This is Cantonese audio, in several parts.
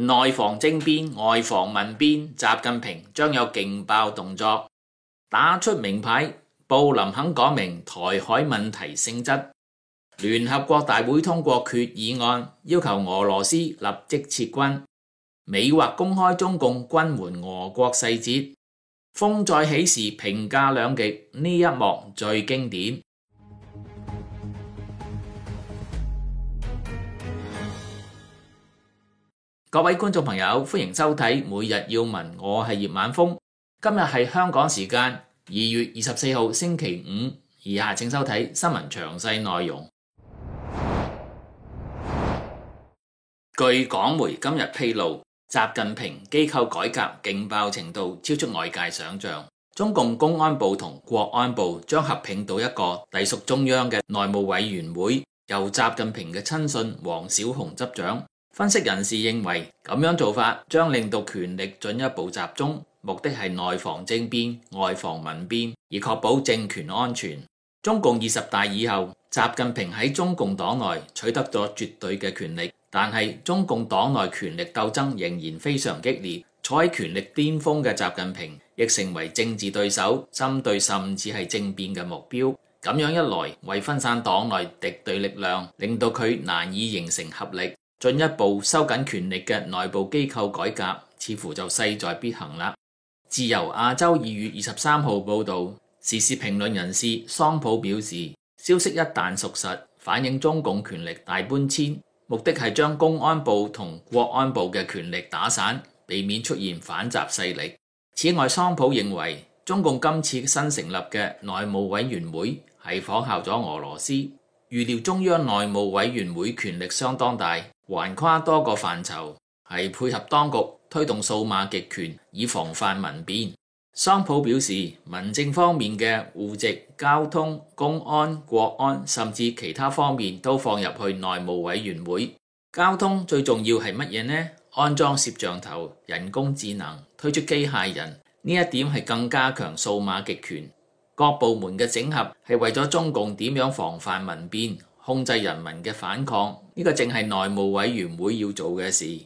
內防政變，外防民變，習近平將有勁爆動作，打出明牌。布林肯講明台海問題性質。聯合國大會通過決議案，要求俄羅斯立即撤軍。美或公開中共軍援俄國細節。風再起時評價兩極，評價兩極，呢一幕最經典。各位觀眾朋友，歡迎收睇《每日要聞》，我係葉晚風。今日係香港時間二月二十四號星期五，以下請收睇新聞詳細內容。據港媒今日披露，習近平機構改革勁爆程度超出外界想象。中共公安部同國安部將合併到一個隸屬中央嘅內務委員會，由習近平嘅親信王小洪執掌。分析人士認為，咁樣做法將令到權力進一步集中，目的係內防政變、外防民變，以確保政權安全。中共二十大以後，習近平喺中共黨內取得咗絕對嘅權力，但係中共黨內權力鬥爭仍然非常激烈。坐喺權力巔峰嘅習近平，亦成為政治對手針對甚至係政變嘅目標。咁樣一來，為分散黨內敵對力量，令到佢難以形成合力。進一步收緊權力嘅內部機構改革，似乎就勢在必行啦。自由亞洲二月二十三號報導，時事評論人士桑普表示，消息一旦屬實，反映中共權力大搬遷，目的係將公安部同國安部嘅權力打散，避免出現反習勢力。此外，桑普認為中共今次新成立嘅內務委員會係仿效咗俄羅斯，預料中央內務委員會權力相當大。橫跨多個範疇，係配合當局推動數碼極權，以防範民變。桑普表示，民政方面嘅戶籍、交通、公安、國安，甚至其他方面都放入去內務委員會。交通最重要係乜嘢呢？安裝攝像頭、人工智能、推出機械人，呢一點係更加強數碼極權。各部門嘅整合係為咗中共點樣防範民變。控制人民嘅反抗，呢、這個正係內務委員會要做嘅事。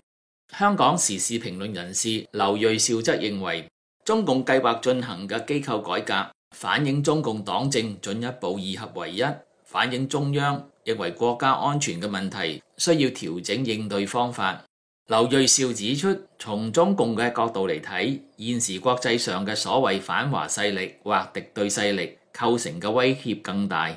香港時事評論人士劉銳紹則認為中共計劃進行嘅機構改革反映中共黨政進一步二合為一，反映中央認為國家安全嘅問題需要調整應對方法。劉銳紹指出，從中共嘅角度嚟睇，現時國際上嘅所謂反華勢力或敵對勢力構成嘅威脅更大。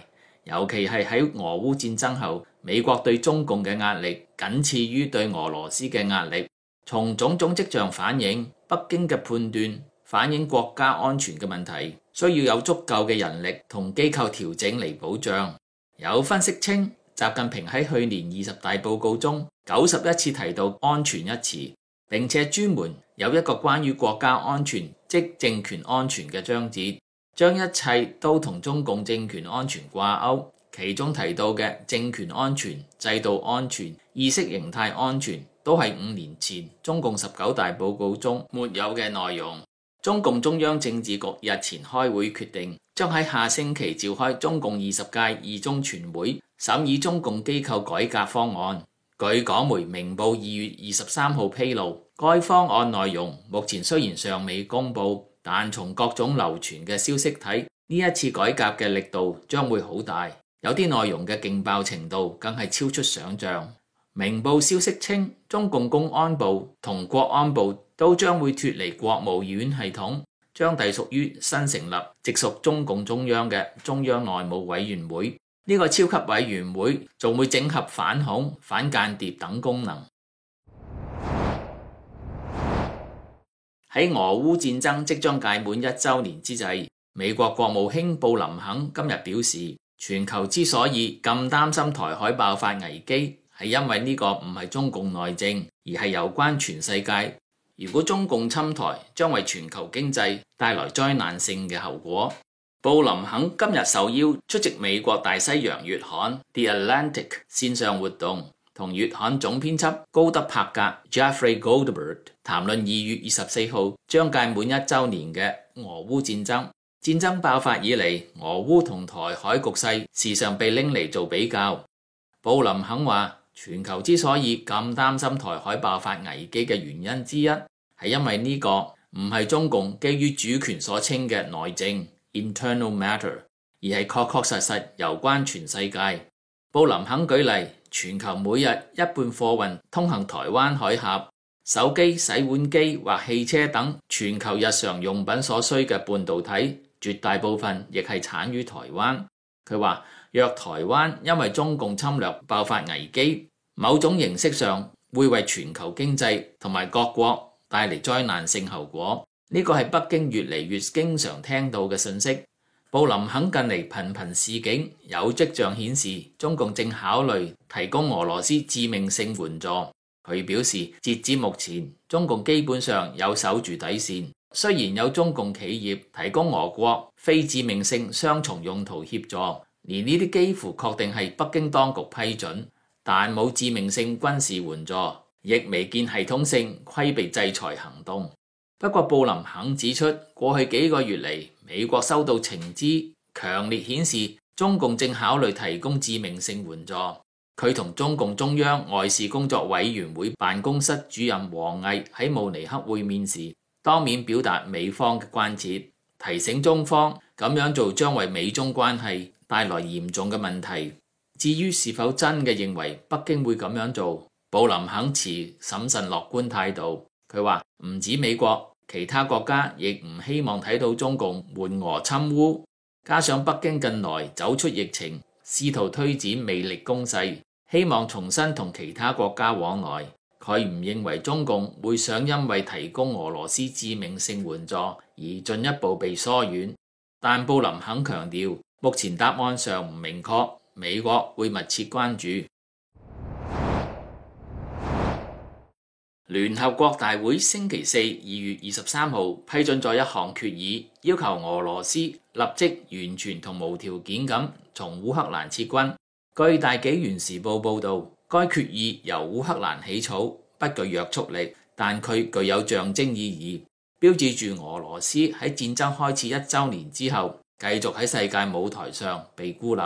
尤其係喺俄烏戰爭後，美國對中共嘅壓力僅次於對俄羅斯嘅壓力。從種種跡象反映，北京嘅判斷反映國家安全嘅問題，需要有足夠嘅人力同機構調整嚟保障。有分析稱，習近平喺去年二十大報告中，九十一次提到安全一詞，並且專門有一個關於國家安全、即政權安全嘅章節。將一切都同中共政權安全掛鈎，其中提到嘅政權安全、制度安全、意識形態安全，都係五年前中共十九大報告中沒有嘅內容。中共中央政治局日前開會決定，將喺下星期召開中共二十屆二中全會，審議中共機構改革方案。據港媒《明報》二月二十三號披露，該方案內容目前雖然尚未公佈。但從各種流傳嘅消息睇，呢一次改革嘅力度將會好大，有啲內容嘅勁爆程度更係超出想像。明報消息稱，中共公安部同國安部都將會脫離國務院系統，將隸屬於新成立、直屬中共中央嘅中央內務委員會。呢、這個超級委員會仲會整合反恐、反間諜等功能。喺俄烏戰爭即將屆滿一週年之際，美國國務卿布林肯今日表示，全球之所以咁擔心台海爆發危機，係因為呢個唔係中共內政，而係有關全世界。如果中共侵台，將為全球經濟帶來災難性嘅後果。布林肯今日受邀出席美國大西洋月刊《The Atlantic》線上活動。同月刊總編輯高德柏格 （Jeffrey Goldberg） 談論二月二十四號將屆滿一周年嘅俄烏戰爭。戰爭爆發以嚟，俄烏同台海局勢時常被拎嚟做比較。布林肯話：全球之所以咁擔心台海爆發危機嘅原因之一，係因為呢個唔係中共基於主權所稱嘅內政 （internal matter），而係確確實實有關全世界。布林肯舉例。全球每日一半貨運通行台灣海峽，手機、洗碗機或汽車等全球日常用品所需嘅半導體絕大部分亦係產於台灣。佢話：若台灣因為中共侵略爆發危機，某種形式上會為全球經濟同埋各國帶嚟災難性後果。呢個係北京越嚟越經常聽到嘅信息。布林肯近嚟頻頻示警，有跡象顯示中共正考慮提供俄羅斯致命性援助。佢表示，截至目前，中共基本上有守住底線，雖然有中共企業提供俄國非致命性雙重用途協助，而呢啲幾乎確定係北京當局批准，但冇致命性軍事援助，亦未見系統性規避制裁行動。不過布林肯指出，過去幾個月嚟，美國收到情資，強烈顯示中共正考慮提供致命性援助。佢同中共中央外事工作委員會辦公室主任王毅喺慕尼黑會面時，當面表達美方嘅關切，提醒中方咁樣做將為美中關係帶來嚴重嘅問題。至於是否真嘅認為北京會咁樣做，布林肯持審慎樂觀態度。佢話唔止美國，其他國家亦唔希望睇到中共援俄侵烏。加上北京近來走出疫情，試圖推展魅力攻勢，希望重新同其他國家往來。佢唔認為中共會想因為提供俄羅斯致命性援助而進一步被疏遠。但布林肯強調，目前答案尚唔明確，美國會密切關注。聯合國大會星期四二月二十三號批准咗一項決議，要求俄羅斯立即完全同無條件咁從烏克蘭撤軍。據《大紀元時報》報道，該決議由烏克蘭起草，不具約束力，但佢具有象徵意義，標誌住俄羅斯喺戰爭開始一周年之後繼續喺世界舞台上被孤立。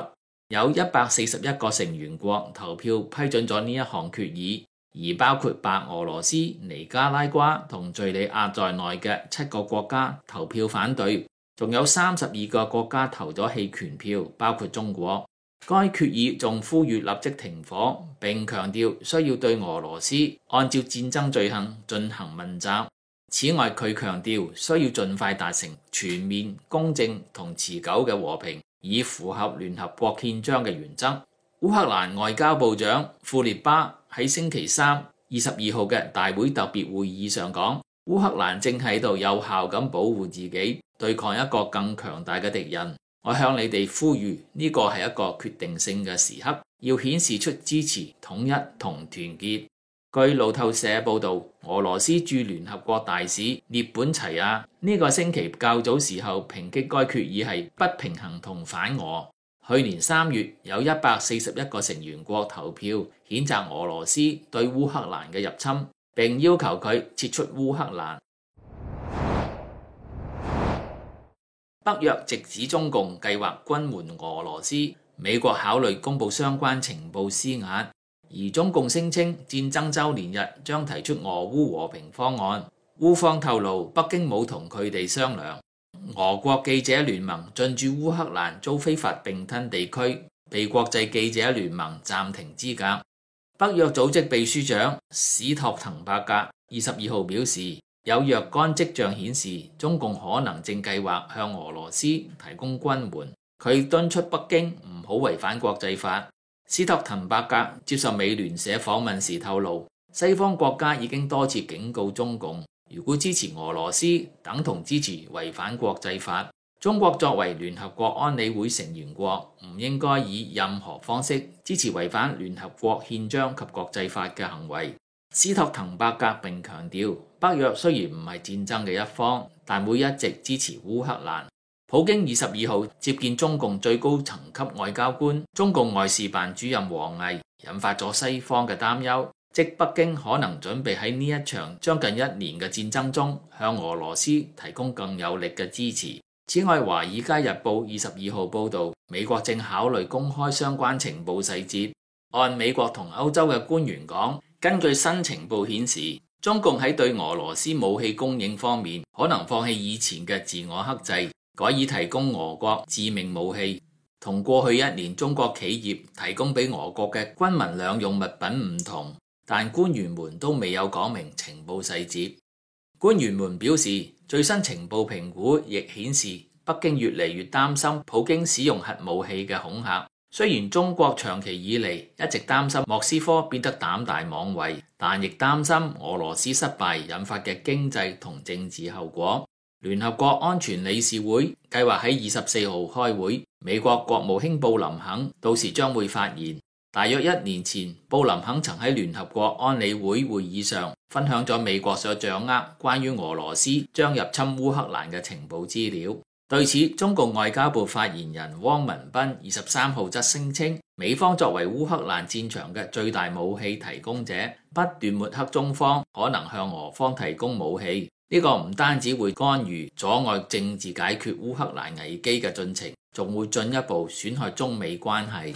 有一百四十一個成員國投票批准咗呢一項決議。而包括白俄羅斯、尼加拉瓜同敘利亞在內嘅七個國家投票反對，仲有三十二個國家投咗棄權票，包括中國。該決議仲呼籲立即停火，並強調需要對俄羅斯按照戰爭罪行進行問責。此外，佢強調需要盡快達成全面、公正同持久嘅和平，以符合聯合國憲章嘅原則。烏克蘭外交部長庫列巴喺星期三二十二號嘅大會特別會議上講，烏克蘭正喺度有效咁保護自己，對抗一個更強大嘅敵人。我向你哋呼籲，呢、這個係一個決定性嘅時刻，要顯示出支持、統一同團結。據路透社報道，俄羅斯駐聯合國大使涅本齊亞呢、這個星期較早時候抨擊該決議係不平衡同反俄。去年三月，有一百四十一個成員國投票譴責俄羅斯對烏克蘭嘅入侵，並要求佢撤出烏克蘭。北約直指中共計劃軍援俄羅斯，美國考慮公布相關情報施壓，而中共聲稱戰爭周年日將提出俄烏和平方案，烏方透露北京冇同佢哋商量。俄國記者聯盟進駐烏克蘭遭非法並吞地區，被國際記者聯盟暫停資格。北約組織秘書長史托滕伯格二十二號表示，有若干跡象顯示中共可能正計劃向俄羅斯提供軍援。佢敦促北京唔好違反國際法。史托滕伯格接受美聯社訪問時透露，西方國家已經多次警告中共。如果支持俄羅斯等同支持違反國際法，中國作為聯合國安理會成員國唔應該以任何方式支持違反聯合國憲章及國際法嘅行為。斯托滕伯格並強調，北約雖然唔係戰爭嘅一方，但會一直支持烏克蘭。普京二十二號接見中共最高層級外交官、中共外事辦主任王毅，引發咗西方嘅擔憂。即北京可能準備喺呢一場將近一年嘅戰爭中，向俄羅斯提供更有力嘅支持。此外，《華爾街日報》二十二號報道，美國正考慮公開相關情報細節，按美國同歐洲嘅官員講，根據新情報顯示，中共喺對俄羅斯武器供應方面可能放棄以前嘅自我克制，改以提供俄國致命武器，同過去一年中國企業提供俾俄國嘅軍民兩用物品唔同。但官員們都未有講明情報細節。官員們表示，最新情報評估亦顯示，北京越嚟越擔心普京使用核武器嘅恐嚇。雖然中國長期以嚟一直擔心莫斯科變得膽大妄為，但亦擔心俄羅斯失敗引發嘅經濟同政治後果。聯合國安全理事會計劃喺二十四號開會，美國國務卿布林肯到時將會發言。大約一年前，布林肯曾喺聯合國安理會會議上分享咗美國所掌握關於俄羅斯將入侵烏克蘭嘅情報資料。對此，中共外交部發言人汪文斌二十三號則聲稱，美方作為烏克蘭戰場嘅最大武器提供者，不斷抹黑中方可能向俄方提供武器，呢個唔單止會干預、阻礙政治解決烏克蘭危機嘅進程，仲會進一步損害中美關係。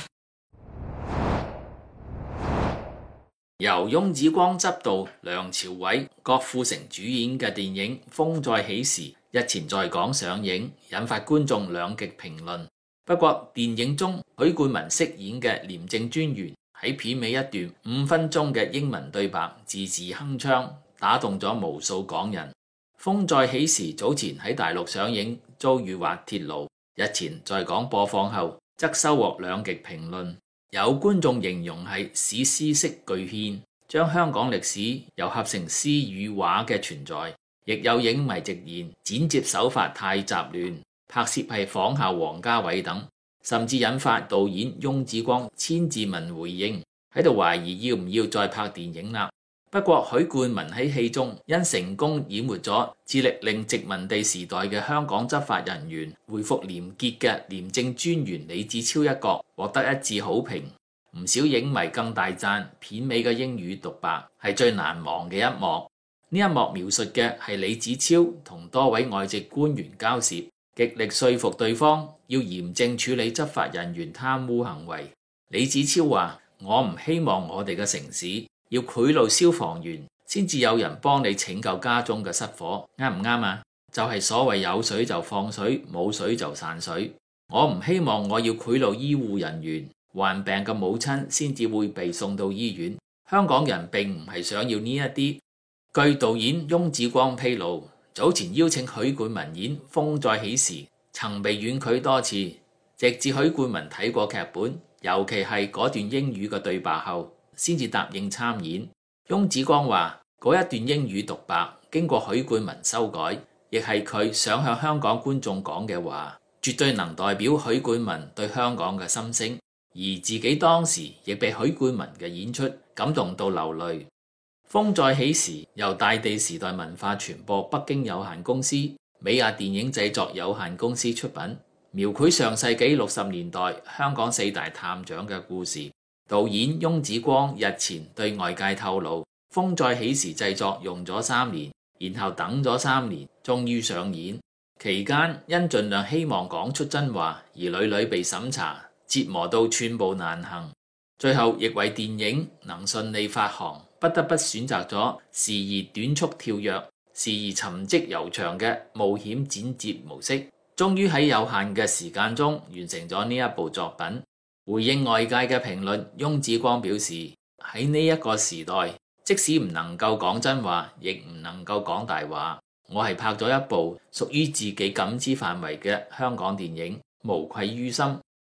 由翁子光執導、梁朝偉、郭富城主演嘅電影《風再起時》日前在港上映，引發觀眾兩極評論。不過，電影中許冠文飾演嘅廉政專員喺片尾一段五分鐘嘅英文對白，字字鏗鏘，打動咗無數港人。《風再起時》早前喺大陸上映，遭遇滑鐵盧；日前在港播放後，則收獲兩極評論。有觀眾形容係史詩式巨獻，將香港歷史又合成詩與畫嘅存在；亦有影迷直言剪接手法太雜亂，拍攝係仿效王家衞等，甚至引發導演翁子光、千字文回應喺度懷疑要唔要再拍電影啦。不過，許冠文喺戲中因成功演活咗致力令殖民地時代嘅香港執法人員恢復廉潔嘅廉政專員李子超一角，獲得一致好評。唔少影迷更大讚片尾嘅英語獨白係最難忘嘅一幕。呢一幕描述嘅係李子超同多位外籍官員交涉，極力說服對方要嚴正處理執法人員貪污行為。李子超話：我唔希望我哋嘅城市。要賄賂消防員先至有人幫你拯救家中嘅失火，啱唔啱啊？就係所謂有水就放水，冇水就散水。我唔希望我要賄賂醫護人員，患病嘅母親先至會被送到醫院。香港人並唔係想要呢一啲。據導演翁子光披露，早前邀請許冠文演《風再起時》，曾被婉拒多次，直至許冠文睇過劇本，尤其係嗰段英語嘅對白後。先至答應參演。翁子光話：嗰一段英語獨白經過許冠文修改，亦係佢想向香港觀眾講嘅話，絕對能代表許冠文對香港嘅心聲。而自己當時亦被許冠文嘅演出感動到流淚。《風再起時》由大地時代文化傳播北京有限公司、美亞電影製作有限公司出品，描繪上世紀六十年代香港四大探長嘅故事。導演翁子光日前對外界透露，《風再起時》製作用咗三年，然後等咗三年，終於上演。期間因盡量希望講出真話，而屢屢被審查，折磨到寸步難行。最後亦為電影能順利發行，不得不選擇咗時而短促跳躍、時而沉積悠長嘅冒險剪接模式，終於喺有限嘅時間中完成咗呢一部作品。回應外界嘅評論，翁子光表示：喺呢一個時代，即使唔能夠講真話，亦唔能夠講大話。我係拍咗一部屬於自己感知範圍嘅香港電影，無愧於心。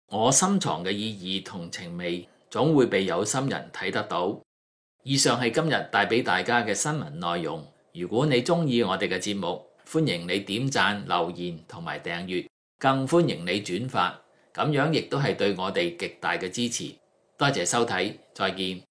我深藏嘅意義同情味，總會被有心人睇得到。以上係今日帶俾大家嘅新聞內容。如果你中意我哋嘅節目，歡迎你點讚、留言同埋訂閱，更歡迎你轉發。咁樣亦都係對我哋極大嘅支持，多謝收睇，再見。